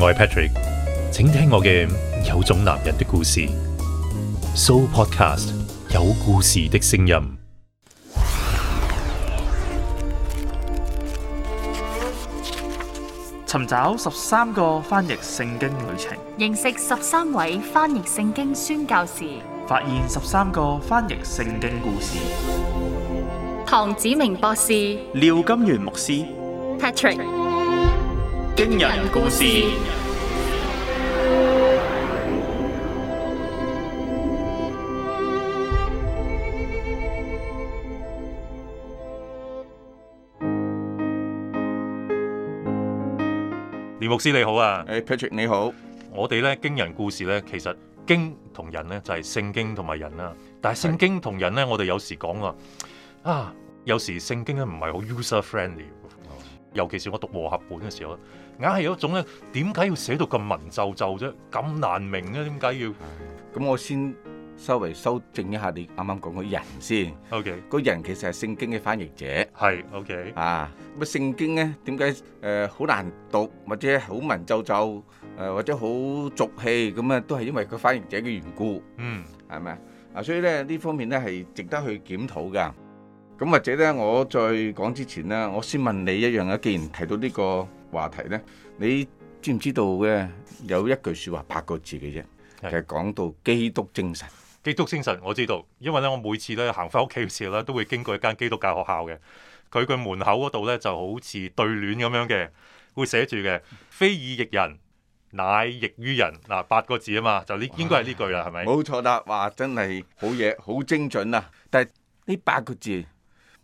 我係 Patrick，請聽我嘅有種男人的故事。So Podcast 有故事的聲音，尋找十三個翻譯聖經旅程， 認識十三位翻譯聖經宣教士，發現十三個翻譯聖經故事。唐子明博士，廖金元牧師，Patrick。驚人故事，連牧師你好啊。Hey，Patrick 你好，我哋咧驚人故事咧，其實經同人咧就係、是、聖經同埋人啦、啊。但係聖經同人咧，我哋有時講啊，啊有時聖經咧唔係好 user friendly，尤其是我讀和合本嘅時候。硬係有一種咧，點解要寫到咁文縐縐啫？咁難明咧，點解要咁？我先稍微修正一下你啱啱講嗰人先。O K，個人其實係聖經嘅翻譯者係 O K 啊。咁啊，聖經咧點解誒好難讀，或者好文縐縐，誒或者好俗氣咁啊？都係因為個翻譯者嘅緣故，嗯係咪啊？啊，所以咧呢方面咧係值得去檢討㗎。咁或者咧，我再講之前咧，我先問你一樣呀，既然提到呢個。話題呢，你知唔知道嘅有一句説話八個字嘅啫？是其實講到基督精神。基督精神我知道，因為咧我每次咧行返屋企嘅時候咧，都會經過一間基督教學校嘅，佢個門口嗰度咧就好似對聯咁樣嘅，會寫住嘅非以役人，乃役於人。嗱八個字啊嘛，就呢應該係呢句啦，係咪哇？冇吧錯啦，哇！真係好嘢， 好精準啊！但係呢八個字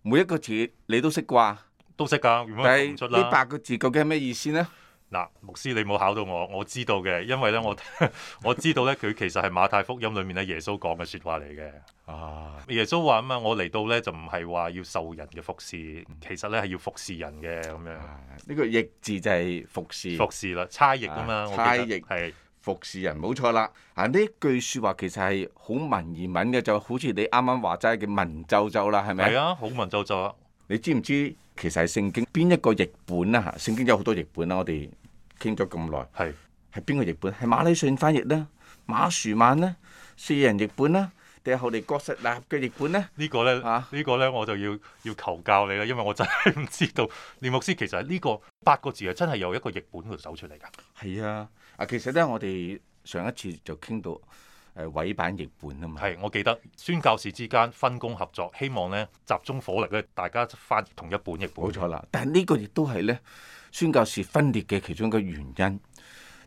每一個字你都識啩？都識噶，點樣講唔出啦？呢八個字究竟係咩意思呢？嗱，牧師你冇考到我，我知道嘅，因為咧我呵呵我知道咧佢其實係馬太福音裡面咧耶穌講嘅説話嚟嘅。啊，耶穌話啊嘛，我嚟到咧就唔係話要受人嘅服侍，其實咧係要服侍人嘅咁樣。呢個役字就係服侍，服侍啦，差役啊嘛，差役係服侍人，冇錯啦。啊，呢句説話其實係好文言文嘅，就好似你啱啱話齋嘅文縐縐啦，係咪？係啊，好文縐縐你知唔知？其實係聖經邊一個譯本啦？吓，聖經有好多譯本啦，我哋傾咗咁耐，係係邊個譯本？係馬禮遜翻譯咧，馬殊曼咧，四人譯本咧，定係後嚟郭實立嘅譯本咧？呢個呢、啊、呢個咧，呢個咧我就要要求教你啦，因為我真係唔知道尼牧師其實呢個八個字係真係由一個譯本嗰度走出嚟㗎。係啊，啊其實咧，我哋上一次就傾到。誒委板譯本啊嘛，係，我記得宣教士之間分工合作，希望咧集中火力咧，大家翻譯同一本譯本。冇錯啦，但係呢個亦都係咧宣教士分裂嘅其中一個原因。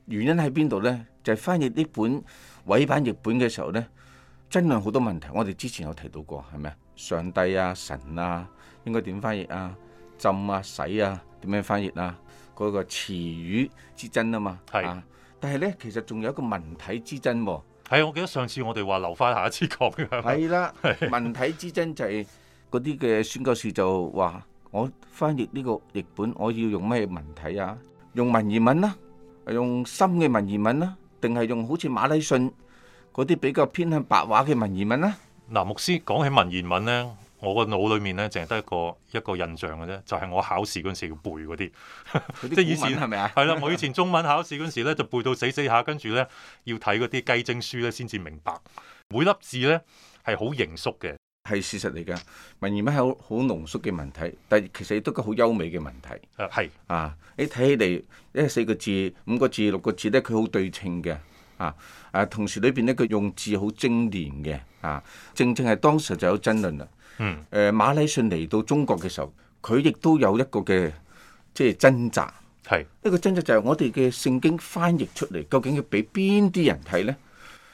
原因喺邊度咧？就係、是、翻譯呢本委板譯本嘅時候咧，真係好多問題。我哋之前有提到過，係咪啊？上帝啊、神啊，應該點翻譯啊？浸啊、洗啊，點樣翻譯啊？嗰、那個詞語之爭啊嘛，係是、啊。但係咧，其實仲有一個文體之爭喎、啊。係，我記得上次我哋話留翻下一次講嘅。係啦了，文 體之爭就係嗰啲嘅宣教士就話，我翻譯呢個譯本，我要用咩文體啊？用文言文啦、啊，用深嘅文言文啦、啊，定係用好似馬禮遜嗰啲比較偏向白話嘅文言文啦、啊？嗱、啊，牧師講起文言文咧。我個腦裏面咧，淨係得一個一個印象嘅啫，就係、是、我考試嗰陣時要背嗰啲， 即係以前係咪啊？係啦不， 我以前中文考試嗰陣時咧，就背到死死下，跟住咧要睇嗰啲雞精書咧，先至明白每粒字咧係好凝縮嘅，係事實嚟嘅。文言文係好好濃縮嘅文體，但係其實亦都個好優美嘅文體。啊，係啊，你睇起嚟一四個字、五個字、六個字咧，佢好對稱嘅啊啊，同時裏邊咧佢用字好精煉嘅啊，正正係當時就有爭論啦。嗯，誒馬禮遜嚟到中國嘅時候，佢亦都有一個嘅即係掙扎，係是一個掙扎就係我哋嘅聖經翻譯出嚟，究竟要俾邊啲人睇咧？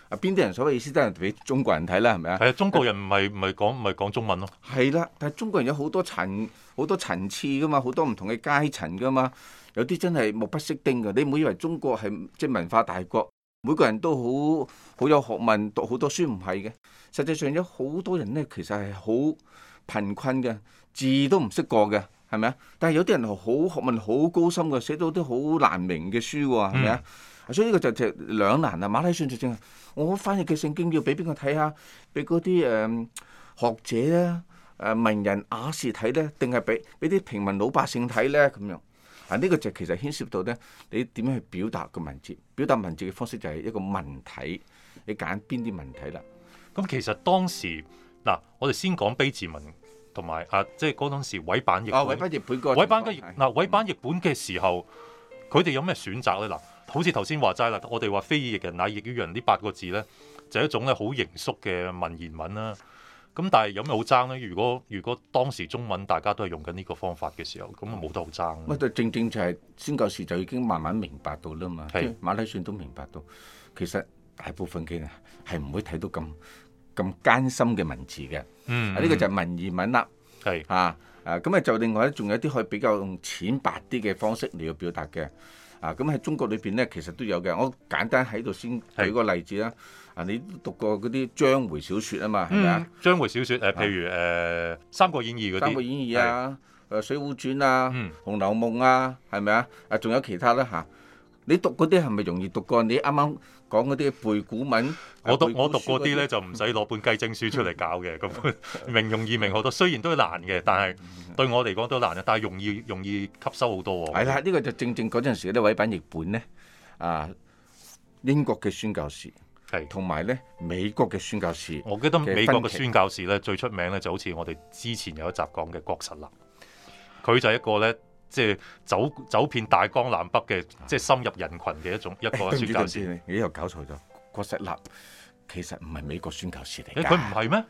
啊，邊啲人所謂意思都係俾中國人睇啦，係咪啊？係啊，中國人唔係唔係講唔係講中文咯？係啦，但係中國人有好多層好多層次噶嘛，好多唔同嘅階層噶嘛，有啲真係目不識丁噶，你唔好以為中國係即係文化大國。每個人都好好有學問，讀好多書，唔係嘅。實際上有好多人咧，其實係好貧困嘅，字都唔識過嘅，係咪、嗯、啊？但係有啲人好學問，好高深嘅，寫到啲好難明嘅書喎，係咪啊？所以呢個就就兩難啦。馬太算就正係，我翻譯嘅聖經要俾邊個睇下？俾嗰啲誒學者啦、啊，誒文人雅士睇咧，定係俾俾啲平民老百姓睇咧咁樣？啊！呢、呢個就其實牽涉到咧，你點樣去表達個文字？表達文字嘅方式就係一個文體，你揀邊啲文體啦。咁、嗯、其實當時嗱，我哋先講卑字文同埋啊，即係嗰陣時委辦譯。哦，委辦譯本個委譯、哎、呀本。嗱，委辦譯本嘅時候，佢哋有咩選擇咧？嗱，好似頭先話齋啦，我哋話非譯人乃譯於人呢八個字咧，就係、一種咧好嚴肅嘅文言文啦、啊。咁但係有咩好爭咧？如果如果當時中文大家都係用緊呢個方法嘅時候，咁啊冇得好爭。咪就正正就係先嗰時就已經慢慢明白到啦嘛，是馬來西亞都明白到，其實大部分佢哋係唔會睇到咁咁艱深嘅文字嘅。嗯嗯嗯啊，呢個就係文言文啦。係。啊，誒咁啊，就另外咧，仲有一啲可以比較用淺白啲嘅方式嚟去表達嘅。啊，咁喺中國裏邊咧，其實都有嘅。我簡單喺度先舉個例子啦。啊！你讀過嗰啲章回小説啊嘛？係咪啊？章回小説誒，譬如誒《三國演義》嗰啲，《三國演義》啊，《誒水滸傳》啊，《紅樓夢》啊，係咪啊？啊，仲有其他啦嚇！你讀嗰啲係咪容易讀過？你啱啱講嗰啲背古文，我讀我讀過啲咧就唔使攞本雞精書出嚟搞嘅咁，明容易明好多。雖然都係難嘅，但係對我嚟講都難啊！但係容易容易吸收好多。係啦，呢個就正正嗰陣時嗰啲委辦譯本咧啊，英國嘅宣教師。同埋咧美國嘅宣教士，我記得美國嘅宣教士咧最出名咧就好似我哋之前有一集講嘅郭實臘。佢就係一個咧即係走走遍大江南北嘅，即、就、係、是、深入人群嘅一種一個宣教士。咦？又搞錯咗？郭實臘，其實唔係美國宣教士嚟嘅。佢唔係咩？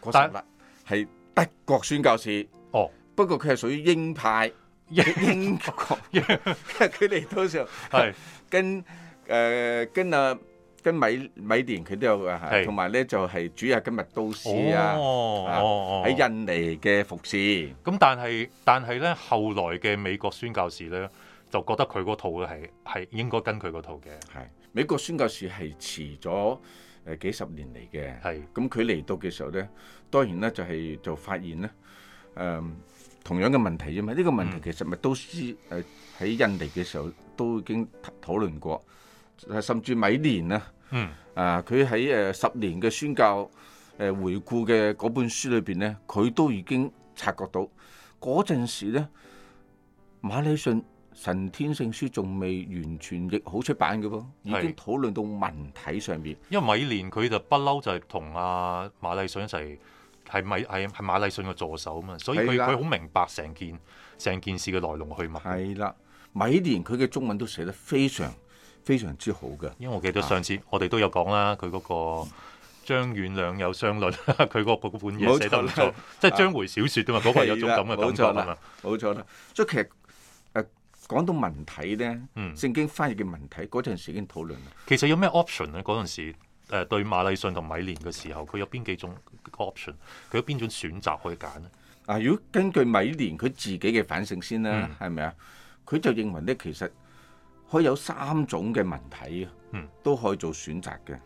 郭實臘，係德國宣教士。但哦，不過佢係屬於英派英英國嘅。佢嚟到時候係跟誒、呃、跟啊。跟米米甸佢都有嘅，同埋咧就係、是、主啊，今日都市啊，喺、oh, oh, oh. 啊、印尼嘅服侍。咁但係但係咧，後來嘅美國宣教士咧，就覺得佢嗰套咧係係應該跟佢嗰套嘅。係美國宣教士係遲咗誒、呃、幾十年嚟嘅。係咁佢嚟到嘅時候咧，當然咧就係就發現咧，誒、呃、同樣嘅問題啫嘛。呢、這個問題其實咪、嗯、都市誒喺印尼嘅時候都已經討論過。甚至米連啊，嗯，啊，佢喺誒十年嘅宣教誒、呃、回顧嘅嗰本書裏邊咧，佢都已經察覺到嗰陣時咧，馬禮信《神天聖書》仲未完全亦好出版嘅噃，已經討論到文體上邊。因為米連佢就不嬲就係同阿馬禮信一齊，係米係係馬禮信嘅助手嘛，所以佢佢好明白成件成件事嘅來龍去脈的。係啦，米連佢嘅中文都寫得非常。非常之好嘅，因為我記得上次我哋都有講啦，佢嗰、啊、個張遠兩友相論，佢 嗰本嘢寫得唔錯，即係章回小説啊嘛，嗰個有一種咁嘅感覺啦，冇錯啦。所以其實誒、啊、講到文體咧，聖經翻譯嘅文體嗰陣、嗯、時已經討論啦。其實有咩 option 咧？嗰陣時誒對馬禮遜同米憐嘅時候，佢有邊幾種 option？佢有邊種選擇可以揀咧？啊，如果根據米憐佢自己嘅反省先啦，係咪啊？佢、嗯、就認為咧，其實。可以有三種嘅文體啊，都可以做選擇嘅。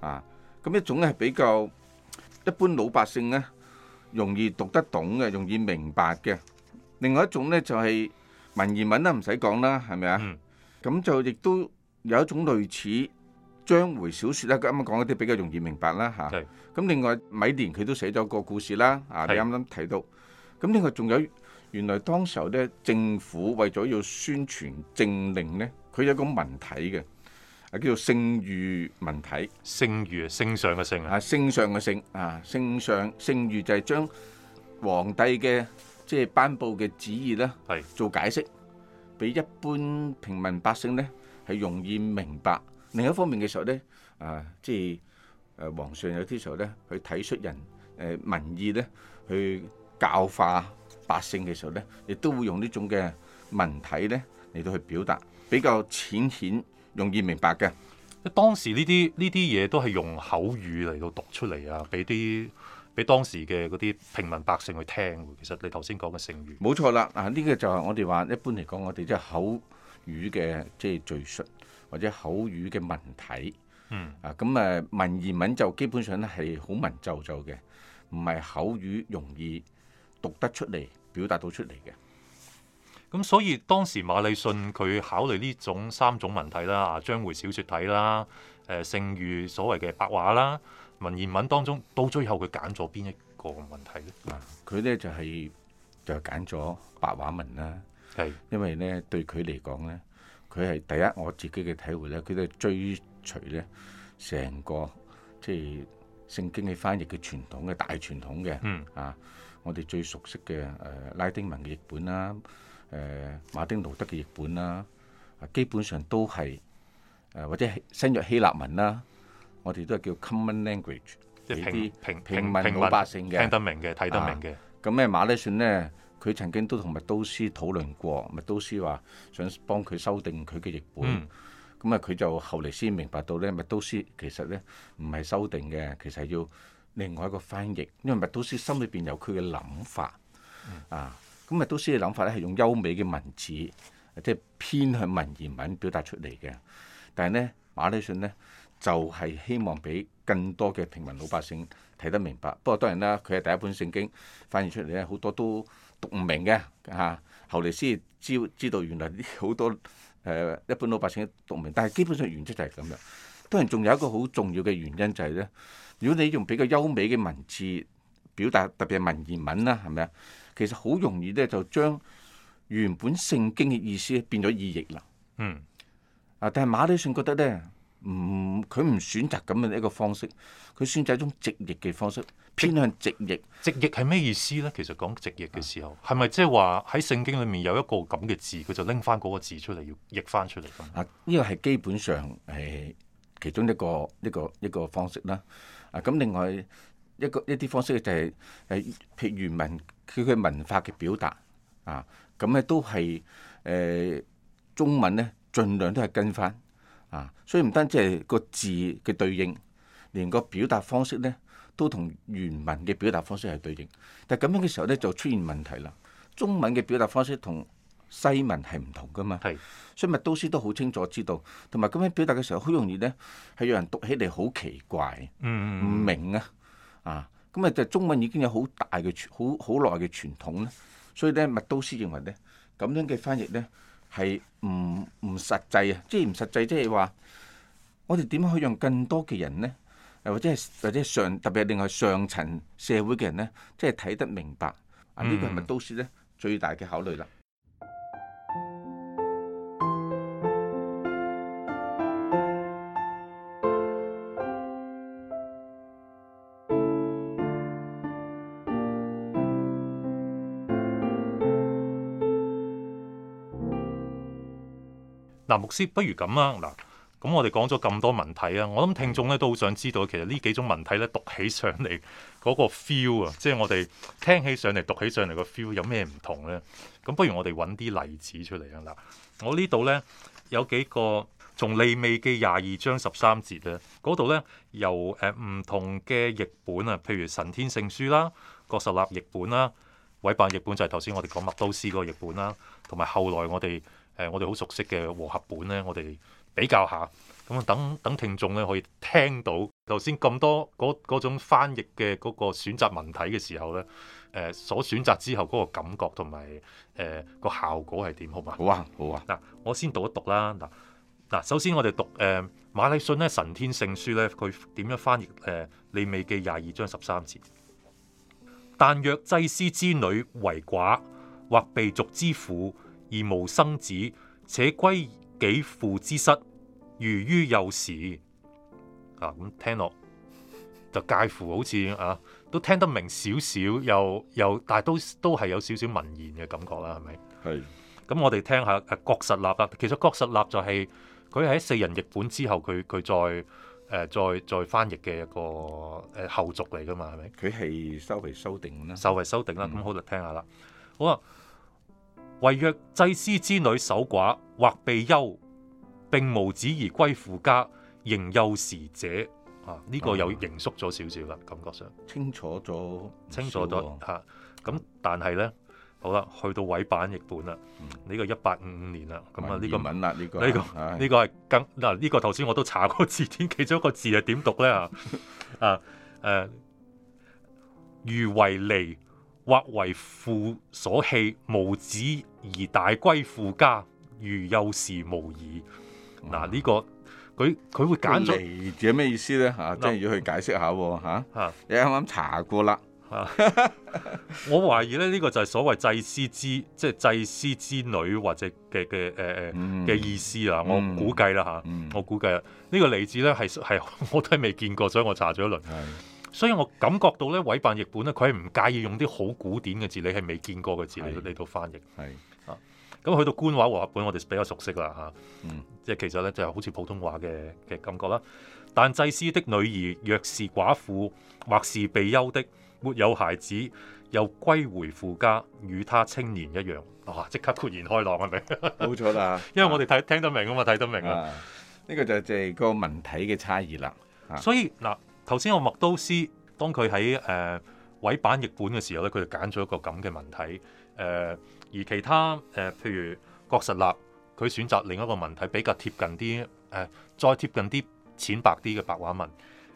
啊，咁一種咧係比較一般老百姓咧容易讀得懂嘅，容易明白嘅。另外一種咧就係文言文啦，唔使講啦，係咪啊？咁就亦都有一種類似章回小説啦。啱啱講嗰啲比較容易明白啦嚇。咁另外米連佢都寫咗個故事啦。啊，你啱啱提到。咁另外仲有，原來當時候咧政府為咗要宣傳政令咧。佢有個文體嘅，係叫做聖諭文體。聖諭啊，聖上嘅聖啊，聖上嘅聖啊，聖上聖諭就係將皇帝嘅即係頒布嘅旨意咧，係做解釋俾一般平民百姓咧係容易明白。另一方面嘅時候咧，啊，即係誒皇上有啲時候咧去體恤人誒民意咧，去教化百姓嘅時候咧，亦都會用呢種嘅文體咧嚟到去表達。比較淺顯、容易明白嘅。當時呢啲呢啲嘢都係用口語嚟到讀出嚟啊，俾啲俾當時嘅嗰啲平民百姓去聽。其實你頭先講嘅聖語，冇錯啦。啊，呢、呢個就係我哋話一般嚟講，我哋即係口語嘅即係敘述，或者口語嘅文體。嗯。啊，咁誒文言文就基本上咧係好文縐皺嘅，唔係口語容易讀得出嚟、表達到出嚟嘅。咁所以當時馬禮遜佢考慮呢種三種文體啦，啊，章回小説體啦，誒、呃，剩餘所謂嘅白話啦，文言文當中，到最後佢揀咗邊一個問題咧？啊，佢咧就係、是、就係揀咗白話文啦。係是，因為咧對佢嚟講咧，佢係第一我自己嘅體會咧，佢都係追隨咧成個即係聖經嘅翻譯嘅傳統嘅大傳統嘅，嗯啊，我哋最熟悉嘅誒、呃、拉丁文嘅譯本啦。誒，馬丁路德嘅譯本啦，基本上都係誒或者新約希臘文啦，我哋都係叫 common language，即係啲平平民老百姓嘅聽得明嘅睇得明嘅、啊。咁咩馬禮遜咧？佢曾經都同麥都斯討論過，麥都斯話想幫佢修訂佢嘅譯本，咁啊佢就後嚟先明白到咧，麥都斯其實咧唔係修訂嘅，其實係要另外一個翻譯，因為麥都斯心裏邊有佢嘅諗法啊。嗯咁咪都先嘅諗法咧，係用優美嘅文字，即係偏向文言文表達出嚟嘅。但係咧，馬禮遜咧就係、是、希望俾更多嘅平民老百姓睇得明白。不過當然啦，佢係第一本聖經翻譯出嚟咧，好多都讀唔明嘅嚇、啊。後嚟先知知道原來啲好多誒、呃、一般老百姓都讀唔明，但係基本上原則就係咁樣。當然仲有一個好重要嘅原因就係咧，如果你用比較優美嘅文字表達，特別係文言文啦，係咪啊？其實好容易咧，就將原本聖經嘅意思變咗意譯啦。嗯。啊，但係馬禮遜覺得咧，唔，佢唔選擇咁嘅一個方式，佢選擇一種直譯嘅方式，偏向直譯。直譯係咩意思咧？其實講直譯嘅時候，係咪即係話喺聖經裏面有一個咁嘅字，佢就拎翻嗰個字出嚟，要譯翻出嚟？啊，呢個係基本上係其中一個一個一個方式啦。啊，咁、嗯、另外一個一啲方式就係、是、誒、啊，譬如文。佢嘅文化嘅表達啊，咁咧都係誒、呃、中文咧，儘量都係跟翻啊，所以唔單止係個字嘅對應，連個表達方式咧都同原文嘅表達方式係對應。但咁樣嘅時候咧，就出現問題啦。中文嘅表達方式同西文係唔同噶嘛，係是，所以麥都斯都好清楚知道，同埋咁樣表達嘅時候，好容易咧係有人讀起嚟好奇怪，唔、嗯、明啊，啊。咁啊，就中文已經有好大嘅傳，好好耐嘅傳統咧，所以咧麥都斯認為咧，咁樣嘅翻譯咧係唔唔實際啊，即係唔實際，即係話我哋點樣可以讓更多嘅人咧，誒或者係或者係上特別係另外上層社會嘅人咧，即係睇得明白啊？呢個係麥都斯咧最大嘅考慮啦。嗱、啊，牧師不如咁啦，嗱，咁我哋講咗咁多文體啊，我諗聽眾咧都好想知道，其實呢幾種文體咧讀起上嚟嗰個 feel 啊，即係我哋聽起上嚟、讀起上嚟個 feel fe 有咩唔同咧？咁不如我哋揾啲例子出嚟啊！嗱，我呢度咧有幾個從利未記廿二章十三節啊，嗰度咧由誒唔同嘅譯本啊，譬如神天聖書啦、郭實立譯本啦、委辦譯，譯本，就係頭先我哋講麥都斯嗰個譯本啦，同埋後來我哋。誒、呃，我哋好熟悉嘅和合本咧，我哋比較下，咁、嗯、啊等等聽眾咧可以聽到頭先咁多嗰種翻譯嘅嗰個選擇文體嘅時候咧，誒、呃、所選擇之後嗰個感覺同埋誒個效果係點好嘛？好啊，好啊！嗱、啊，我先讀一讀啦，嗱、啊、嗱，首先我哋讀誒馬禮遜咧《神天聖書》咧，佢點樣翻譯誒、呃？利未記廿二章十三節，但若祭司之女為寡，或被逐之婦，而無生子，且歸己父之室，如於幼時啊！咁聽落就介乎好似啊，都聽得明少少，又又，但係都都係有少少文言嘅感覺啦，係咪？係是。咁我哋聽下、啊、郭實立啦。其實郭實立就係佢喺四人譯本之後，佢佢再誒、呃、再再翻譯嘅一個誒、呃、後續嚟㗎嘛，係咪？佢係稍微修訂啦。稍微修訂啦。咁好，就、嗯、聽下啦。好啊。為若祭司之女守寡或被休，並無子而歸父家，仍幼時者，啊呢、這個又凝縮咗少少啦，感覺上清楚咗，清楚咗吓、哦。咁、啊、但係咧，好啦，去到委辦譯本啦，呢、這個一八五五年啦，咁啊呢、這個文啦，呢、這個呢、啊嗯、個呢個係更嗱呢個頭先我剛剛都查過字典， e、iter，其中一個字係點讀咧啊啊誒，如為利。andel ams lion 或為父所棄，無子而大歸父家，如幼時無矣。嗱，呢、這個佢佢會揀嚟字，係咩意思咧？吓、啊，真係要去解釋下吓。啊啊、你啱啱查過啦。 我懷疑咧，呢、這個就係所謂祭司之，即、就、係、是、祭司之女或者嘅嘅誒誒嘅意思啦。我估計啦吓，嗯、我估計呢個嚟字咧係係我都係未見過，所以我查咗一輪。 所以我感覺到咧，委辦譯本咧，佢係唔介意用啲好古典嘅字，你係、嗯、未見過嘅字嚟嚟到翻譯。係啊，咁去到官話和合本，我哋比較熟悉啦嚇。啊、嗯，即係其實咧就係好似普通話嘅嘅感覺啦。但祭司的女兒若是寡婦或是被休的，沒有孩子，又歸回父家，與他青年一樣。哇、啊！即刻豁然開朗係咪？冇錯啦， 因為我哋睇、啊、聽得明啊嘛，睇得明啊。呢、這個就係個文體嘅差異啦。啊、所以嗱。啊頭先我麥都斯當佢喺誒委版譯本嘅時候咧，佢就揀咗一個咁嘅文體誒、呃，而其他誒譬、呃、如郭實臘，佢選擇另一個文體比較貼近啲誒、呃，再貼近啲淺白啲嘅白話文。誒、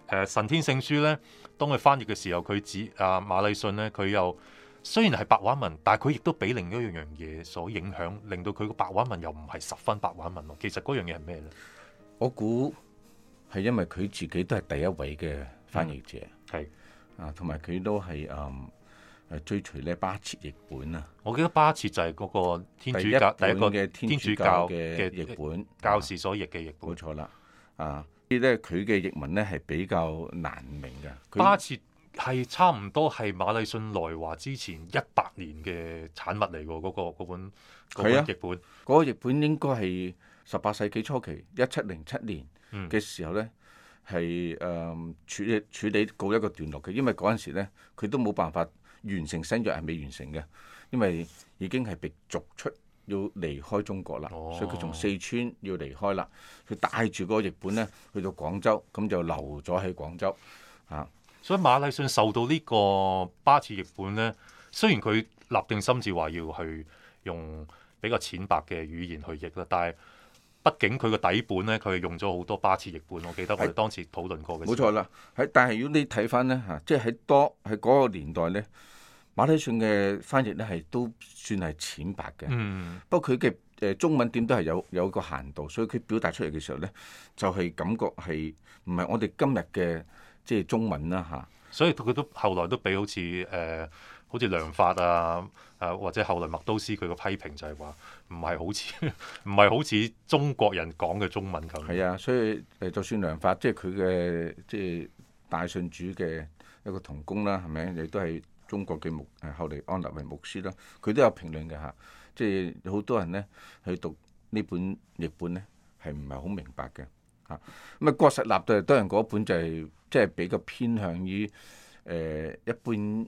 呃《神天聖書》咧，當佢翻譯嘅時候，佢指啊馬禮信咧，佢又雖然係白話文，但係佢亦都俾另一樣樣嘢所影響，令到佢個白話文又唔係十分白話文。其實嗰樣嘢係咩咧？我估。係因為佢自己都係第一位嘅翻譯者，係、嗯、啊，同埋佢都係誒、嗯、追隨咧巴切譯本啊！我記得巴切就係嗰個天主教第一個嘅天主教嘅譯本，教士所譯嘅譯本。冇、啊、錯啦，啊！啲咧佢嘅譯文咧係比較難明㗎。巴切係差唔多係馬禮信來華之前一百年嘅產物嚟㗎，嗰、那個嗰本嗰本譯本，嗰、啊那個譯本應該係十八世紀初期，一七零七年嘅時候咧，係誒、嗯、處理處理告一個段落嘅，因為嗰陣時咧，佢都冇辦法完成新約係未完成嘅，因為已經係被逐出要離開中國啦，哦、所以佢從四川要離開啦，佢帶住個譯本咧去到廣州，咁就留咗喺廣州啊。所以馬禮遜受到呢個巴士譯本咧，雖然佢立定心志話要去用比較淺白嘅語言去譯啦，但係，畢竟佢個底本咧，佢係用咗好多巴設譯本，我記得我哋當時討論過嘅。冇錯啦，喺但係如果你睇翻咧嚇，即係喺多喺嗰個年代咧，馬禮遜嘅翻譯咧係都算係淺白嘅。嗯。不過佢嘅誒中文點都係有有一個限度，所以佢表達出嚟嘅時候咧，就係、係、感覺係唔係我哋今日嘅即係中文啦、啊、吓，啊、所以佢都後來都俾好似誒，呃好似梁發啊，誒、啊、或者後來麥都斯佢個批評就係話唔係好似唔係好似中國人講嘅中文咁。係啊，所以誒，就算梁發，即係佢嘅即係大信主嘅一個同工啦，係咪？你都係中國嘅牧誒，後嚟按立為牧師啦。佢都有評論嘅吓，即係好多人咧去讀本本呢本譯本咧係唔係好明白嘅嚇。咁啊，郭、嗯、實立對多人嗰本就係即係比較偏向於誒、呃、一般。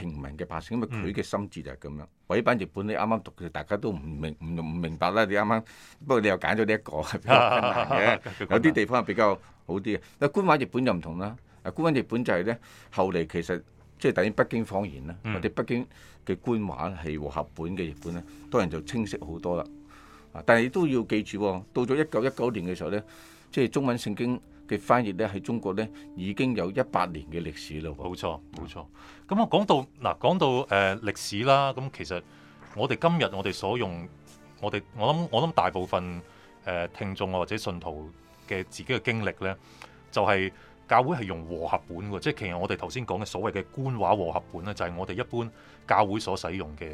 平民嘅百姓，因為佢嘅心智就係咁樣。委辦譯本你啱啱讀，大家都唔明唔唔明白啦。你啱啱不過你又揀咗呢一個係比較困難嘅。 嗯、有啲地方係比較好啲嘅。但官話譯本就唔同啦。啊，官話譯本就係咧，後嚟其實即係等於北京方言啦。我哋、嗯、北京嘅官話咧係和合本嘅譯本咧，當然就清晰好多啦。啊！但係都要記住，哦，到咗一九一九年嘅時候咧，即、就、係、是、中文聖經。嘅翻譯咧，喺中國咧已經有一百年嘅歷史咯。冇錯，冇錯。咁啊，講到嗱，講到誒歷史啦。咁、嗯、其實我哋今日我哋所用，我哋我諗我諗大部分誒、呃、聽眾或者信徒嘅自己嘅經歷咧，就係、是、教會係用和合本喎。即係其實我哋頭先講嘅所謂嘅官話和合本咧，就係、是、我哋一般教會所使用嘅誒、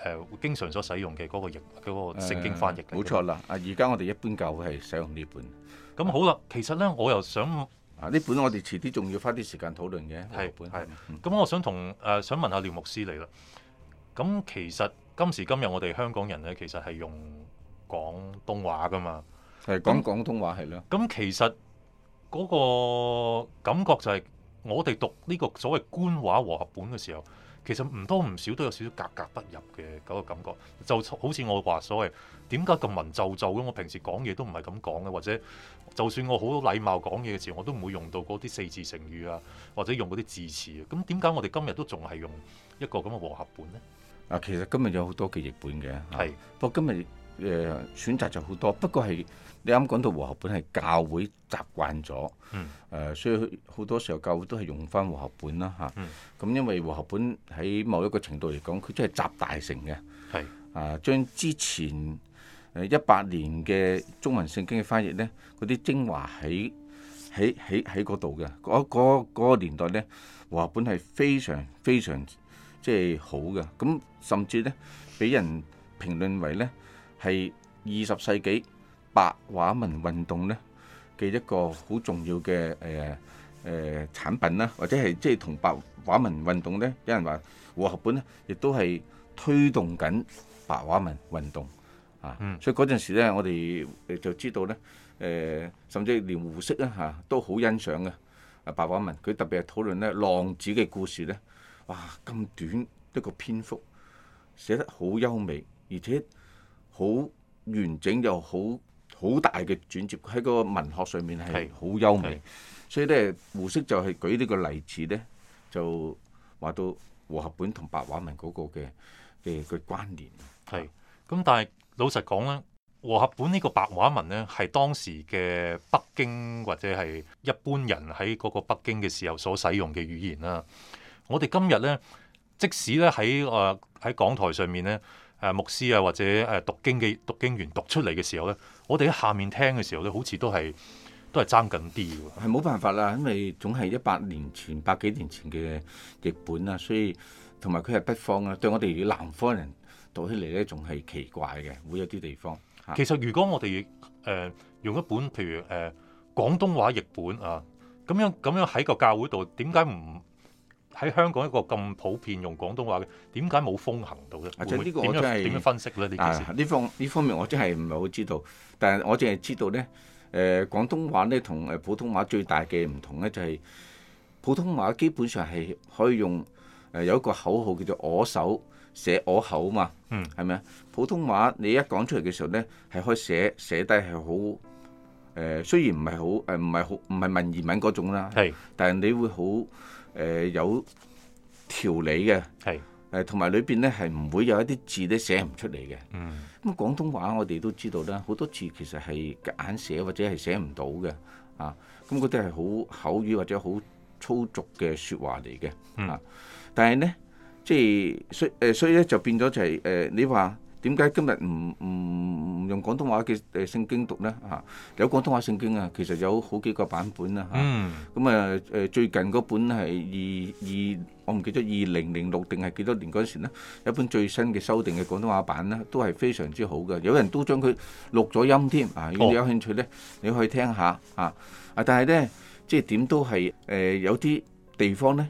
呃、經常所使用嘅嗰個譯嗰、嗯、個聖經翻譯。冇錯啦。啊，而家我哋一般教會係使用呢本。咁好啦，其實咧，我又想啊，呢本我哋遲啲仲要花啲時間討論嘅。係本係。咁我想同誒、呃，想問下廖牧師你啦。咁其實今時今日我哋香港人咧，其實係用廣東話㗎嘛。係的那講廣東話係啦。咁其實嗰個感覺就係我哋讀呢個所謂官話和合本嘅時候。其實唔多唔少都有少少格格不入嘅嗰個感覺，就好似我話所謂點解咁文縐縐咁？我平時講嘢都唔係咁講嘅，或者就算我好多禮貌講嘢嘅時候，我都唔會用到嗰啲四字成語啊，或者用嗰啲字詞啊。咁點解我哋今日都仲係用一個咁嘅和合本呢？啊，其實今日有好多嘅譯本嘅，係是不過今日。誒、嗯、選擇就好多，不過係你啱講到和合本係教會習慣咗，誒、嗯呃，所以好多時候教會都係用翻和合本啦嚇。咁、嗯啊、因為和合本喺某一個程度嚟講，佢真係集大成嘅，係是啊，將之前誒一百年嘅中文聖經嘅翻譯咧，嗰啲精華喺喺喺喺嗰度嘅。嗰、那個那個年代咧，和合本係非常非常即係、就是、好嘅。咁甚至咧，俾人評論為咧。係二十世紀白話文運動咧嘅一個好重要嘅誒誒產品啦、啊，或者係即係同白話文運動咧，有人話和合本咧，亦都係推動緊白話文運動啊。嗯、所以嗰陣時咧，我哋就知道呢誒、呃，甚至連胡適咧、啊、嚇都好欣賞嘅白話文。佢特別係討論咧浪子嘅故事呢哇，咁短一個篇幅，寫得好優美，而且，好完整又好好大嘅轉接，喺個文學上面係好優美，所以咧胡適就係舉呢個例子咧，就話到和合本同白話文嗰個嘅誒個關聯。咁、嗯，但係老實講啦，和合本呢個白話文咧係當時嘅北京或者係一般人喺嗰個北京嘅時候所使用嘅語言啦。我哋今日咧，即使咧喺誒喺港台上面咧。誒、啊、牧師啊，或者誒、啊、讀經嘅讀經員讀出嚟嘅時候咧，我哋喺下面聽嘅時候咧，好似都係都係爭緊啲嘅喎。係冇辦法啦，因為總係一百年前、百幾年前嘅譯本啊，所以同埋佢係北方嘅，對我哋南方人讀起嚟咧，仲係奇怪嘅，會有啲地方。其實如果我哋誒、呃、用一本譬如誒、呃、廣東話譯本啊，咁樣咁樣喺個教會度，點解唔？喺香港一個咁普遍用廣東話嘅，點解冇風行到嘅？即係呢個，我真係點樣分析咧？呢件事呢方呢方面我真係唔係好知道。但係我淨係知道咧，誒、呃、廣東話咧同誒普通話最大嘅唔同咧，就係、是、普通話基本上係可以用誒、呃、有一個口號叫做我手寫我口啊嘛。嗯，係咪啊？普通話你一講出嚟嘅時候咧，係可以寫寫低係好誒，雖然唔係好誒，唔係好唔係文言文嗰種啦。係，是 但係你會好。誒、呃、有條理嘅，係誒同埋裏邊咧係唔會有一啲字咧寫唔出嚟嘅。嗯，咁廣東話我哋都知道啦，好多字其實係夾硬寫或者係寫唔到嘅。啊，咁嗰啲係好口語或者好粗俗嘅説話嚟嘅。啊、嗯，但係咧，即係所誒，所以咧、呃、就變咗就係、係、誒、呃，你話。點解今日唔唔唔用廣東話嘅聖經讀咧？嚇、啊，有廣東話聖經啊，其實有好幾個版本啦、啊。嚇、啊，咁啊誒最近嗰本係二二我唔記得二零零六定係幾多年嗰陣時咧，一本最新嘅修訂嘅廣東話版咧、啊，都係非常之好嘅。有人都將佢錄咗音添啊，如果你有興趣咧，你可以聽下啊啊！但係咧，即係點都係誒、呃、有啲地方咧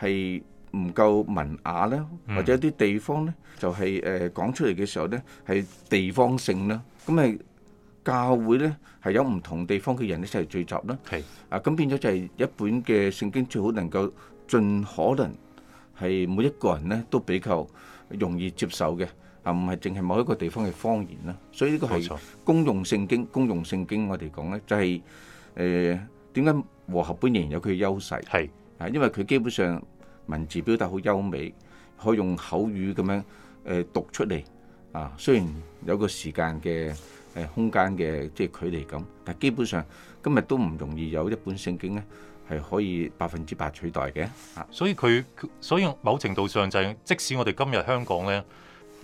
係。唔夠文雅咧，或者一啲地方咧，就係誒講出嚟嘅時候咧，係地方性啦。咁誒，教會咧係有唔同地方嘅人一齊聚集啦。係啊，咁變咗就係一本嘅聖經最好能夠盡可能係每一個人咧都比較容易接受嘅，啊唔係淨係某一個地方嘅方言啦。所以呢個係公用聖經，公用聖經我哋講咧就係誒點解和合本仍然有佢優勢？係啊，因為佢基本上。文字表達好優美，可以用口語咁樣誒讀出嚟啊！雖然有個時間嘅誒空間嘅即係距離咁，但基本上今日都唔容易有一本聖經咧係可以百分之百取代嘅啊！所以佢，所以某程度上就係，即使我哋今日香港咧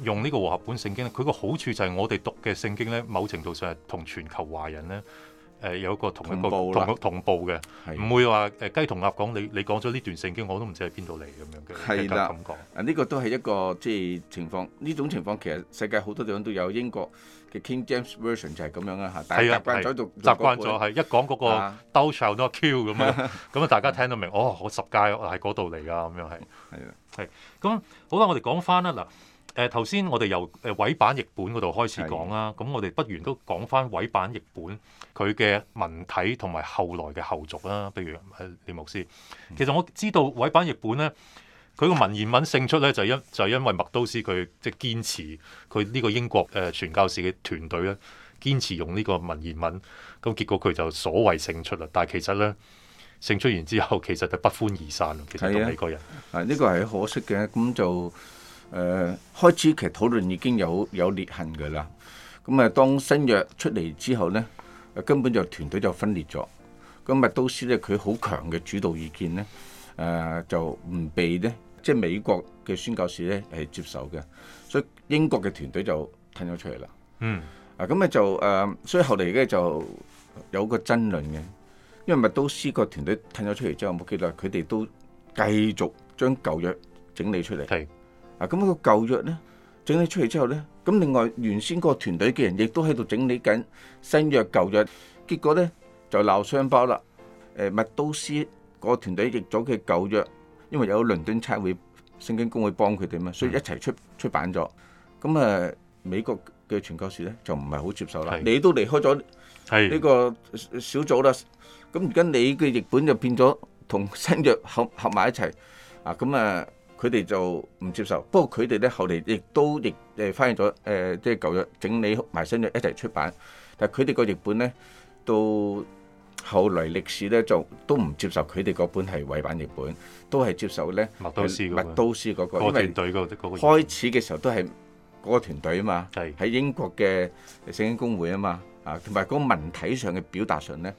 用呢個和合本聖經咧，佢個好處就係我哋讀嘅聖經咧，某程度上係同全球華人咧。誒有一個同一個同同步嘅，唔會話誒雞同鴨講，你你講咗呢段聖經，我都唔知喺邊度嚟咁樣嘅感覺。啊，呢個都係一個即係情況，呢種情況其實世界好多地方都有，英國嘅 King James Version 就係咁樣啦嚇。係啊係啊，習慣咗就習慣咗，係一講嗰個 Do not kill 咁啊，咁啊大家聽到明，哦，我十誡喺嗰度嚟㗎，咁樣係係啊係。咁好啦，我哋講翻啦嗱。誒頭先我哋由誒委辦譯本嗰度開始講啦，啊，咁的我哋不如都講返委辦譯本佢嘅文體同埋後來嘅後續啦。譬如係李牧師，其實我知道委辦譯本咧，佢個文言文勝出咧，就因就係因為麥都思佢即係堅持佢呢個英國誒、呃、傳教士嘅團隊咧，堅持用呢個文言文，咁結果佢就所謂勝出啦。但係其實咧勝出完之後，其實就不歡而散的其實同美國人啊，呢個係可惜嘅，咁就。誒、呃、開始其實討論已經有有裂痕嘅啦，咁、嗯、啊當新約出嚟之後咧，根本就團隊就分裂咗。咁麥都斯咧佢好強嘅主導意見咧，誒、呃、就唔被咧即係美國嘅宣教士咧係接受嘅，所以英國嘅團隊就退咗出嚟啦、嗯啊。嗯，啊咁咧就誒、呃，所以後嚟咧就有個爭論嘅，因為麥都斯個團隊退咗出嚟之後，冇幾耐佢哋都繼續將舊約整理出嚟。係。啊咁個舊約咧整理出嚟之後咧，咁另外原先嗰個團隊嘅人亦都喺度整理緊新約舊約，結果咧就鬧雙胞啦。誒，麥都斯個團隊譯咗嘅舊約，因為有倫敦差會聖經公會幫佢哋嘛，所以一齊出出版咗。咁誒美國嘅傳教士咧就唔係好接受啦。你都離開咗呢個小組啦，咁而家你嘅譯本就變咗同新約合合埋一齊啊咁誒。佢哋就唔接受，不過佢哋咧後嚟亦都亦誒翻譯咗誒，即、呃、係、就是、舊約整理埋新約一齊出版。但係佢哋個譯本咧，到後嚟歷史咧就都唔接受佢哋嗰本係違版譯本，都係接受咧麥都斯嗰、那個。麥都斯嗰、那個，那個、因為開始嘅時候都係嗰個團隊啊嘛，係喺的英國嘅聖經公會啊嘛啊，同埋嗰個文體上嘅表達上咧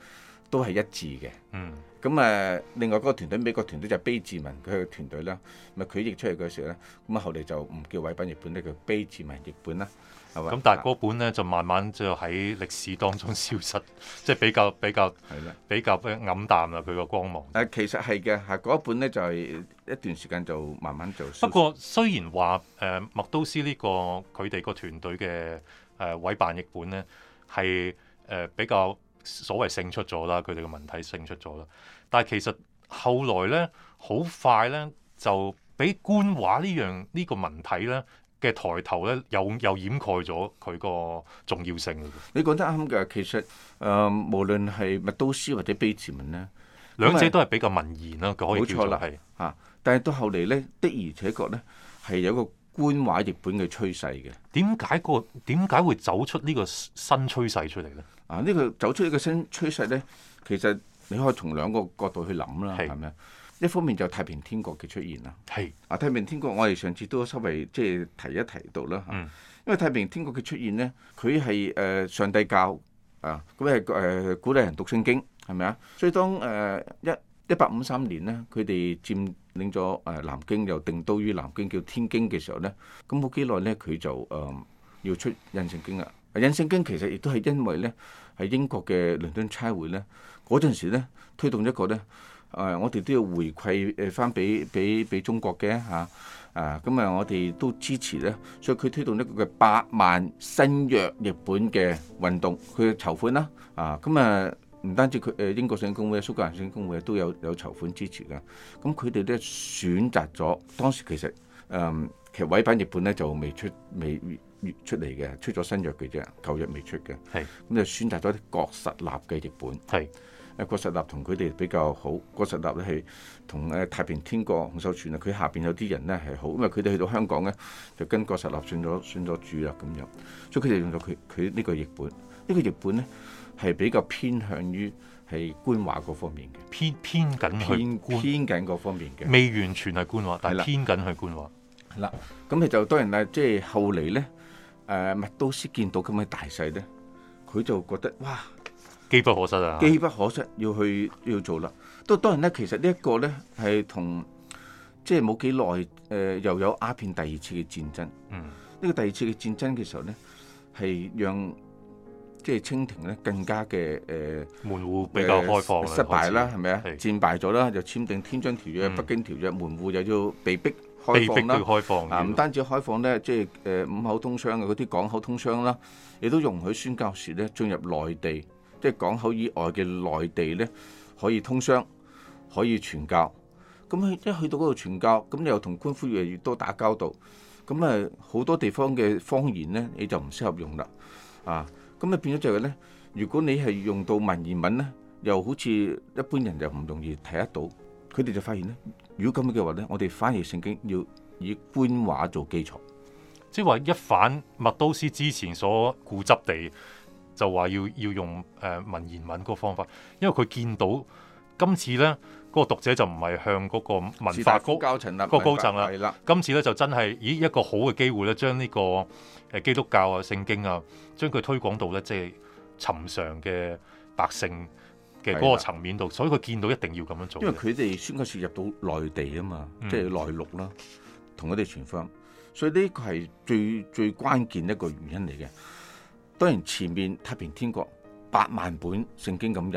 都係一致嘅。嗯。咁誒、嗯，另外嗰個團隊，美國團隊就係卑志文佢個團隊啦，咁、嗯、啊，佢譯出嚟嗰時咧，咁、嗯、啊後嚟就唔叫委辦譯本呢叫卑志文譯本啦，係咪？咁但係嗰本咧就慢慢就喺歷史當中消失， 即係比較比較的比較暗淡啦佢個光芒。誒、啊，其實係嘅，係嗰一本咧就係、是、一段時間就慢慢就。不過雖然話誒麥都斯呢、這個佢哋個團隊嘅誒委辦譯本咧係誒比較。所謂勝出咗啦，佢哋個文體勝出咗啦，但係其實後來咧，好快咧就俾官話、這個這個、呢樣呢個文體咧嘅抬頭咧，又又掩蓋咗佢個重要性。你講得啱嘅，其實誒、呃，無論係麥都思或者裨治文咧，兩者都係比較文言啦，為可以冇錯啦，係、啊、嚇。但係到後嚟咧，的而且確咧係有個官話譯本嘅趨勢嘅。點解、嗰個點解會走出呢個新趨勢出嚟咧？啊！呢、這個走出趨勢呢個新趨勢咧，其實你可以從兩個角度去諗啦，係咪是？一方面就太平天國嘅出現啦。係是。啊！太平天國我哋上次都稍微即係提一提到啦。嗯、因為太平天國嘅出現咧，佢係誒上帝教啊，咁係誒鼓勵人讀聖經，係咪啊？所以當誒一八五三年咧，佢哋佔領咗誒南京，又定都於南京，叫天京嘅時候咧，咁冇幾耐咧，佢就誒、呃、要出印聖經啊！印聖經其實亦都係因為咧，喺英國嘅倫敦差會咧，嗰陣時咧推動一個咧，誒、呃、我哋都要回饋誒翻俾俾俾中國嘅嚇，誒咁啊，啊，啊我哋都支持咧，所以佢推動一個嘅百萬新約日本嘅運動，佢嘅籌款啦，啊咁啊唔、啊、單止佢誒英國聖公會、蘇格蘭聖公會都有有籌款支持噶，咁佢哋咧選擇咗當時其實誒、嗯、其實委派日本咧就未出未。出嚟嘅，出咗新約嘅啫，舊約未出嘅。係是，咁就選擇咗啲郭實立嘅譯本。係是，啊郭實立同佢哋比較好，郭實立咧係同誒太平天國、洪秀全，啊，佢下邊有啲人咧係好，因為佢哋去到香港咧就跟郭實立選咗選咗主啦咁樣，所以佢哋用咗佢佢呢個譯本。呢個、譯本呢個譯本咧係比較偏向於係官話嗰方面嘅，偏緊偏緊偏偏嗰方面嘅，未完全係官話，但係偏緊係官話。係啦了，咁你了就當然啦，即係後嚟咧。誒麥、呃、都斯見到咁嘅大勢咧，佢就覺得哇，機不可失啊！機不可失，要去要做啦。都當然咧，其實呢一個咧係同即係冇幾耐誒又有鴉片第二次嘅戰爭。嗯。呢個第二次嘅戰爭嘅時候咧，係讓即係清廷咧更加嘅誒。呃、門戶比較開放。失敗啦，係咪啊？是是是戰敗咗啦，就簽訂《天津條約》《北京條約》，門戶又要被逼，被迫去開放啊！唔單止開放咧，即係誒、呃、五口通商嘅嗰啲港口通商啦，亦都容許宣教士咧進入內地，即係港口以外嘅內地咧可以通商，可以傳教。咁佢一去到嗰度傳教，咁又同官府越嚟越多打交道。咁啊好多地方嘅方言咧你就唔適合用啦啊！咁啊變咗就係咧，如果你係用到文言文咧，又好似一般人又唔容易睇得到，佢哋就發現咧，如果咁嘅話咧，我哋翻譯聖經要以官話做基礎，即係話一反麥都斯之前所固執地就話要要用誒文言文嗰個方法，因為佢見到今次咧嗰個讀者就唔係向嗰個文化局個高層啦，今次咧就真係以一個好嘅機會咧，將呢個誒基督教啊聖經啊，將佢推廣到咧即係尋常嘅百姓嘅嗰個層面度，的所以佢見到一定要咁樣做，因為佢哋宣教士入到內地啊嘛，嗯、即係內陸啦，同佢哋傳方。所以呢個係最最關鍵一個原因嚟嘅。當然前面太平天國八萬本聖經印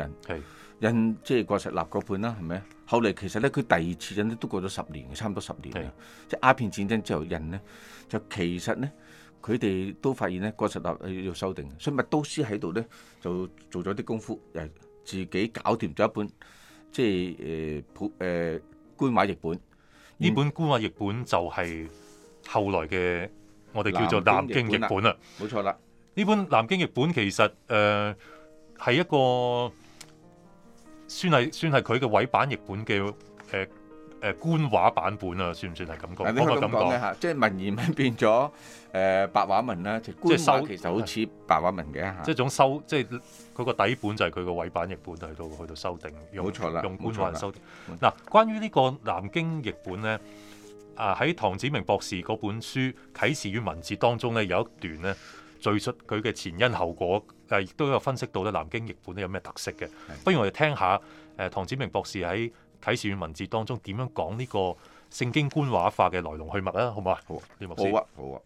印，即係郭實立嗰本啦，係咪啊？後嚟其實咧，佢第二次印都過咗十年，差唔多十年是的 即係鴉片戰爭之後印呢，就其實呢，佢哋都發現呢，郭實立要修訂，所以麥都斯喺度呢，就做咗啲功夫。自己搞掂咗一本，即係誒、呃、普、呃、官話譯本，呢本官話譯本就係、是、後來嘅我哋叫做南京譯本啦。冇錯啦，呢本南京譯本，本，京本其實誒係、呃、一個算係算係佢嘅委辦譯本嘅誒。呃誒、呃、官話版本算算啊，算唔算係咁講？咁嘅感覺嚇，即係文言文變咗誒、呃、白話文啦。即係收其實好似白話文嘅、啊。即係種修，即係嗰個底本就係佢個委版譯本，去到去到修訂。冇錯啦，錯用官話修訂。嗱、啊，關於呢個南京譯本咧，啊喺唐子明博士嗰本書《啟示與文字》當中咧，有一段咧敍述佢嘅前因後果，誒、啊、亦都有分析到咧南京譯本咧有咩特色嘅。的不如我哋聽下誒、呃、唐子明博士喺。睇吓文字當中點樣講呢個聖經官話化嘅來龍去脈啊？好唔好？好，李牧師。好啊，好啊。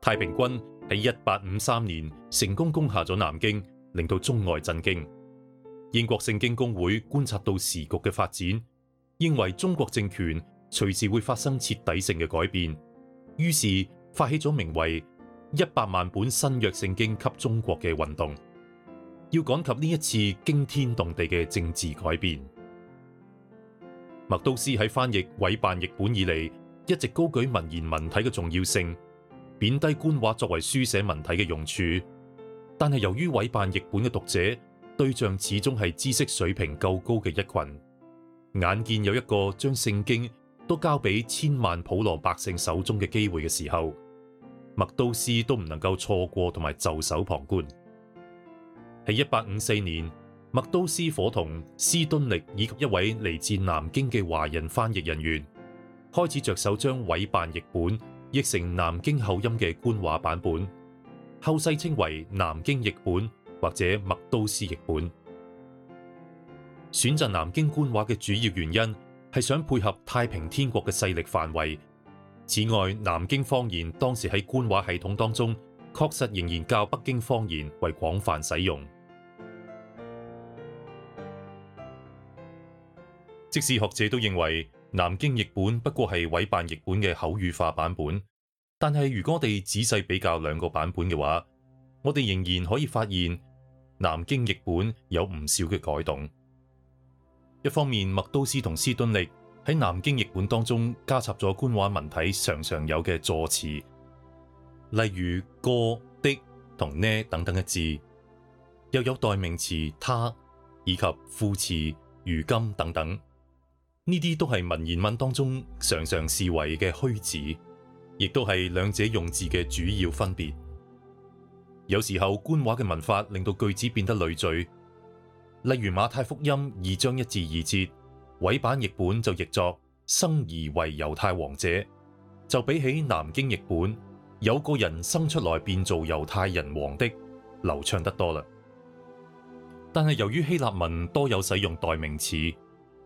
太平軍喺一八五三年成功攻下咗南京，令到中外震驚。英國聖經公會觀察到時局嘅發展，認為中國政權隨時會發生徹底性嘅改變，於是，發起咗名為《一百萬本新約聖經》給中國嘅運動，要趕及呢一次驚天動地嘅政治改變。麥都斯喺翻譯委辦譯本以嚟，一直高舉文言文體嘅重要性，貶低官話作為書寫文體嘅用處。但係由於委辦譯本嘅讀者對象始終係知識水平夠高嘅一群，眼見有一個將聖經都交俾千萬普羅百姓手中嘅機會嘅時候。麥都斯都唔能夠錯過同埋袖手旁觀，喺一八五四年，麥都斯伙同斯敦力以及一位嚟自南京嘅華人翻譯人員，開始着手將委辦譯本譯成南京口音嘅官話版本，後世稱為南京譯本或者麥都斯譯本。選擇南京官話嘅主要原因係想配合太平天國嘅勢力範圍。此外，南京方言當時喺官話系統當中，確實仍然較北京方言為廣泛使用。 即使學者都認為南京譯本不過係委辦譯本嘅口語化版本，但係如果我哋仔細比較兩個版本嘅話，我哋仍然可以發現南京譯本有唔少嘅改動。一方面，麥都斯同斯敦力。喺南京譯本當中，加插咗官話文體常常有嘅助詞，例如個的同呢等等嘅字，又有代名詞他以及副詞如今等等。呢啲都係文言文當中常常視為嘅虛字，亦都係兩者用字嘅主要分別。有時候官話嘅文法令到句子變得累贅，例如馬太福音二章一至二節。委辦譯本就譯作生而為猶太王者，就比起南京譯本有個人生出來變做猶太人王的流暢得多啦。但係由於希臘文多有使用代名詞，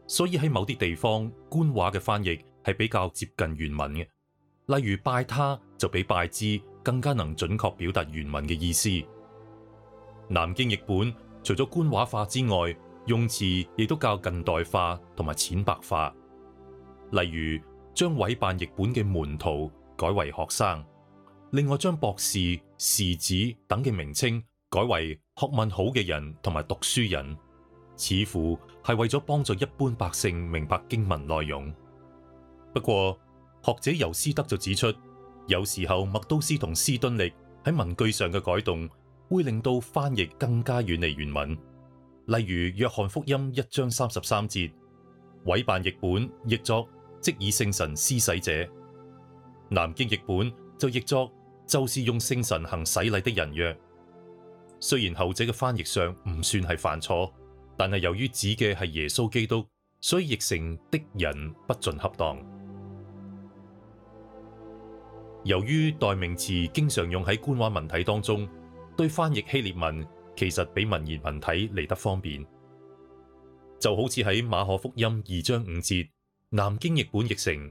所以喺某啲地方官話嘅翻譯係比較接近原文嘅，例如拜他就比拜之更加能準確表達原文嘅意思。南京譯本除咗官話化之外，用詞亦都較近代化同埋淺白化，例如將委辦譯本嘅門徒改為學生，另外將博士、士子等嘅名稱改為學問好嘅人同埋讀書人，似乎係為咗幫助一般百姓明白經文內容。不過學者尤斯德就指出，有時候麥都斯同斯敦力喺文句上嘅改動，會令到翻譯更加遠離原文。例如《約翰福音》一章三十三節，委辦譯本譯作“即以聖神施洗者”，南京譯本就譯作“就是用聖神行洗禮的人”。若雖然後者嘅翻譯上唔算係犯錯，但係由於指嘅係耶穌基督，所以譯成的人不盡恰當。由於代名詞經常用喺官話文體當中，對翻譯希列文。其實比文言文體嚟得方便，就好似喺馬可福音二章五節，南京譯本譯成：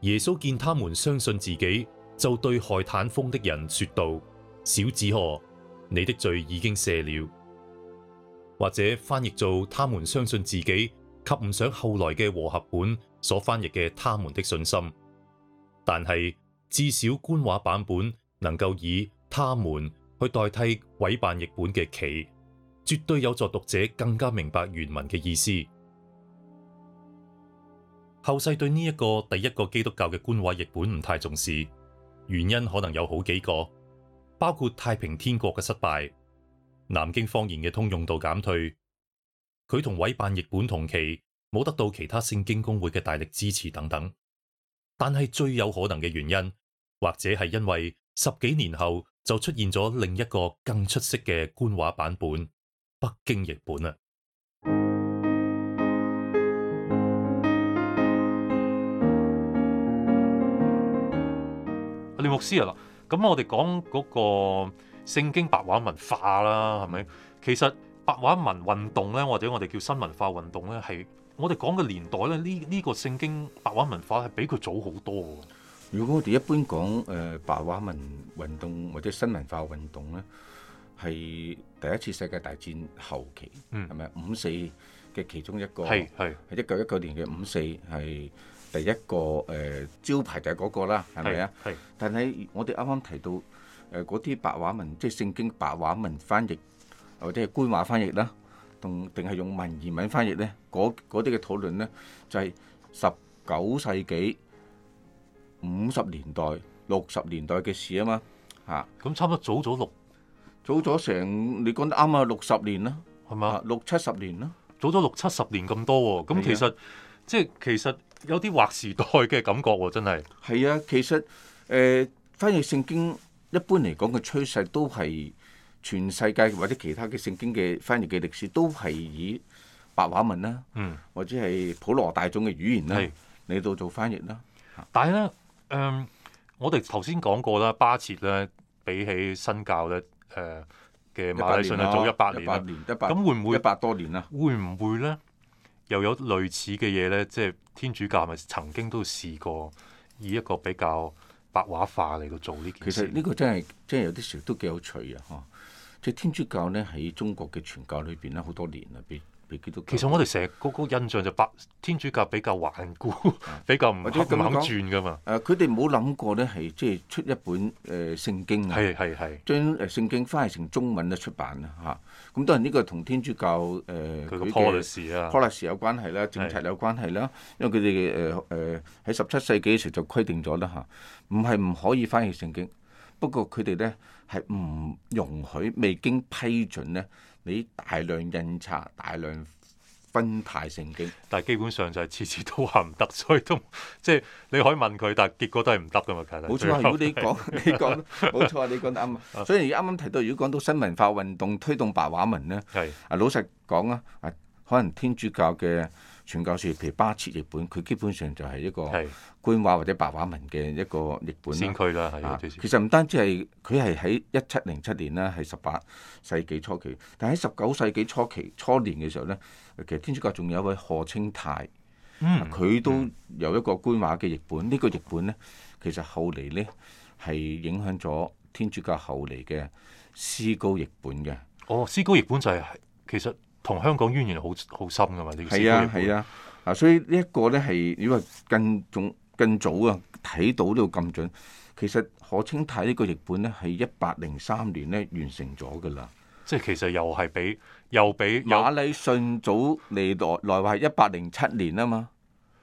耶穌見他們相信自己，就對害癱風的人說道：小子呵，你的罪已經赦了。或者翻譯做他們相信自己，及唔上後來嘅和合本所翻譯嘅他們的信心。但係至少官話版本能夠以他們。去代替委辦譯本嘅旗，絕對有助讀者更加明白原文嘅意思。後世對呢一個第一個基督教嘅官話譯本唔太重視，原因可能有好幾個，包括太平天國嘅失敗、南京方言嘅通用度減退、佢同委辦譯本同期冇得到其他聖經公會嘅大力支持等等。但係最有可能嘅原因，或者係因為十幾年後。就出現咗另一個更出色嘅官話版本——北京譯本啊！李牧師啊，嗱，咁我哋講嗰個聖經白話文化啦，係咪？其實白話文運動咧，或者我哋叫新文化運動咧，係我哋講嘅年代咧，呢、呢、呢個聖經白話文化係比佢早好多。如果我哋一般講誒白話文運動或者新文化運動咧，係第一次世界大戰後期，嗯，係咪啊？五四嘅其中一個係係一九一九年嘅五四係第一個誒，招牌就係嗰個啦，係咪啊？係。但係我哋啱啱提到誒嗰啲白話文，即係聖經白話文翻譯或者係官話翻譯啦，同定係用文言文翻譯咧？嗰啲嘅討論咧就係十九世紀。五十年代、六十年代嘅事啊嘛，嚇、啊、咁差唔多早咗六，早咗成你講得啱啊，六十年啦，係嘛嗎、啊、六七十年啦、哦，早咗六七十年咁多喎。咁其實、啊、即係其實有啲劃時代嘅感覺喎、哦，真係係啊。其實誒、呃，翻譯聖經一般嚟講嘅趨勢都係全世界或者其他嘅聖經嘅翻譯嘅歷史都係以白話文啦、啊，嗯，或者係普羅大眾嘅語言啦、啊，嚟是到做翻譯啦、啊。但係咧。誒，um, 我哋頭先講過啦，巴切咧比起新教咧，誒、呃、嘅馬禮遜啊，早一百年一百啦，咁會唔會？一百多年啦，會唔會咧？又有類似嘅嘢咧，即係天主教咪曾經都試過以一個比較白話化嚟到做呢件事。其實呢個真係，真係有啲時都幾有趣啊！即係天主教咧喺中國嘅傳教裏邊咧，好多年裏邊？其實我哋成日個印象就白天主教比較頑固， 比較唔咁肯，肯轉噶嘛。誒、呃，佢哋冇諗過咧，係即係出一本誒、呃、聖經啊，係係係，將誒聖經翻譯成中文咧出版啦、啊、嚇。咁當然呢個同天主教誒佢嘅 policy 啊 policy 有關係啦，政策有關係啦，是因為佢哋誒誒喺十七世紀嘅時候就規定咗啦嚇，唔係唔可以翻譯聖經，不過佢哋咧係唔容許未經批准咧。你大量印刷，大量分派聖經，但係基本上就係次次都話唔得，所以都即係你可以問佢，但係結果都係唔得噶嘛，其實錯。冇錯是如果你講 你講，冇錯啊，你講啱啊。所以啱啱提到，如果講到新文化運動推動白話文咧，係啊是老實講啊，可能天主教嘅。傳教士，譬如巴切譯本，佢基本上就係一個官話或者白話文嘅一個譯本。先驅啦，係、啊、其實唔單止係佢係喺一七零七年咧，係十八世紀初期，但喺十九世紀初期初年嘅時候咧，其實天主教仲有一位賀清泰，佢、嗯啊、都有一個官話嘅譯本。嗯、個譯本呢個譯本咧，其實後嚟咧係影響咗天主教後嚟嘅思高譯本嘅。哦，思高譯本就係、係、其實。同香港淵源好好深噶嘛？係啊，係啊。嗱，所以呢一個咧係如果係更，更早、更早啊睇到呢個咁準，其實可清泰呢個譯本咧係一百零三年咧完成咗噶啦。即係其實又係比又比馬禮遜早嚟嚟嚟話係一百零七年啊嘛。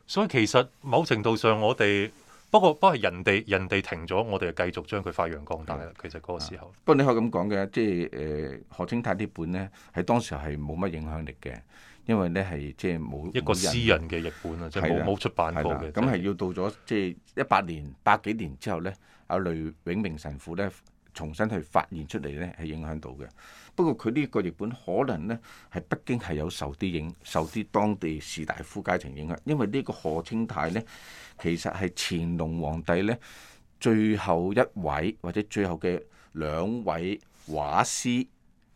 所以其實某程度上我哋。不過，不過人哋人哋停咗，我哋就繼續將佢發揚光大啦。的其實嗰個時候，不過你可以咁講嘅，即係誒、呃、何清太本呢本咧，喺當時係冇乜影響力嘅，因為咧係即係冇一個私人嘅譯本啊，即係冇冇出版過嘅。咁係的的要到咗即係一百年百幾年之後咧，阿雷永明神父咧。重新去發現出嚟呢係影響到嘅。不過佢呢個日本可能呢係北京係有受啲影，受啲當地士大夫階層影響。因為呢個何清泰呢，其實係乾隆皇帝呢最後一位或者最後嘅兩位畫師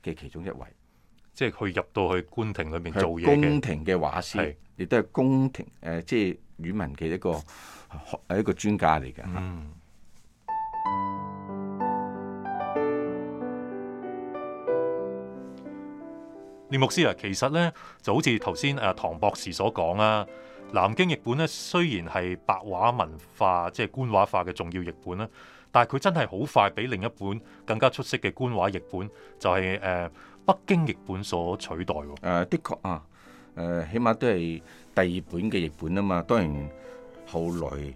嘅其中一位，即係佢入到去宮廷裏面做嘢嘅。宮廷嘅畫師，亦是都係宮廷誒、呃，即係語文嘅一個一個專家嚟嘅。嗯。聶牧師啊，其實咧就好似頭先誒唐博士所講啊，南京譯本咧雖然係白話文化即係官話化嘅重要譯本啦，但係佢真係好快俾另一本更加出色嘅官話譯本，就係誒北京譯本所取代喎。誒的確啊，誒起碼都係第二本嘅譯本啊嘛，當然後來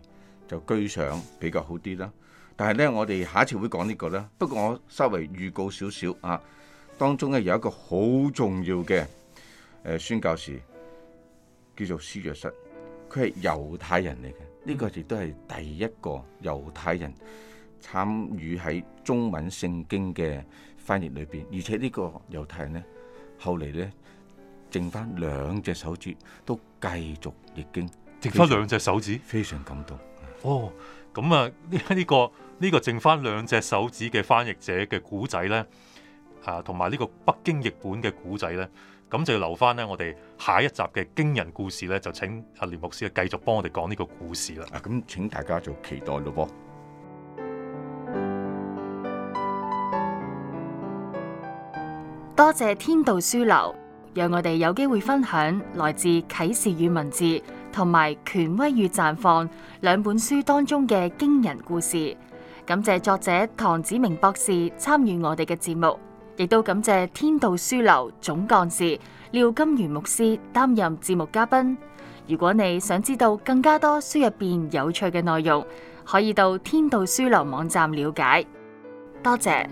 就居上比較好啲啦。但係咧，我哋下一次會講呢個啦。不過我稍微預告少少啊。當中咧有一個好重要嘅誒宣教士叫做施約瑟，佢係猶太人嚟嘅。呢個亦都係第一個猶太人參與喺中文聖經嘅翻譯裏邊，而且呢個猶太人咧，後嚟咧剩翻兩隻手指都繼續譯經，剩翻兩隻手指，非常感動。哦，咁啊呢呢個呢個剩翻兩隻手指嘅翻譯者嘅古仔咧。啊，同埋呢個北京譯本嘅古仔呢，咁就留翻呢。我哋下一集嘅驚人故事呢，就請阿連牧師繼續幫我哋講呢個故事啦。啊，咁請大家做期待咯。多謝天道書樓，讓我哋有機會分享來自《啟示與文字》同埋《權威與綻放》兩本書當中嘅驚人故事。感謝作者唐子明博士參與我哋嘅節目。亦都感謝天道書樓總幹事廖金如牧師擔任節目嘉賓。如果你想知道更加多書入邊有趣嘅內容，可以到天道書樓網站了解。多謝。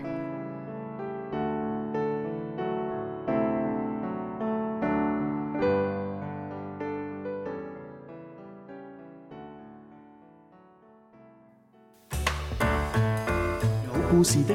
有故事的。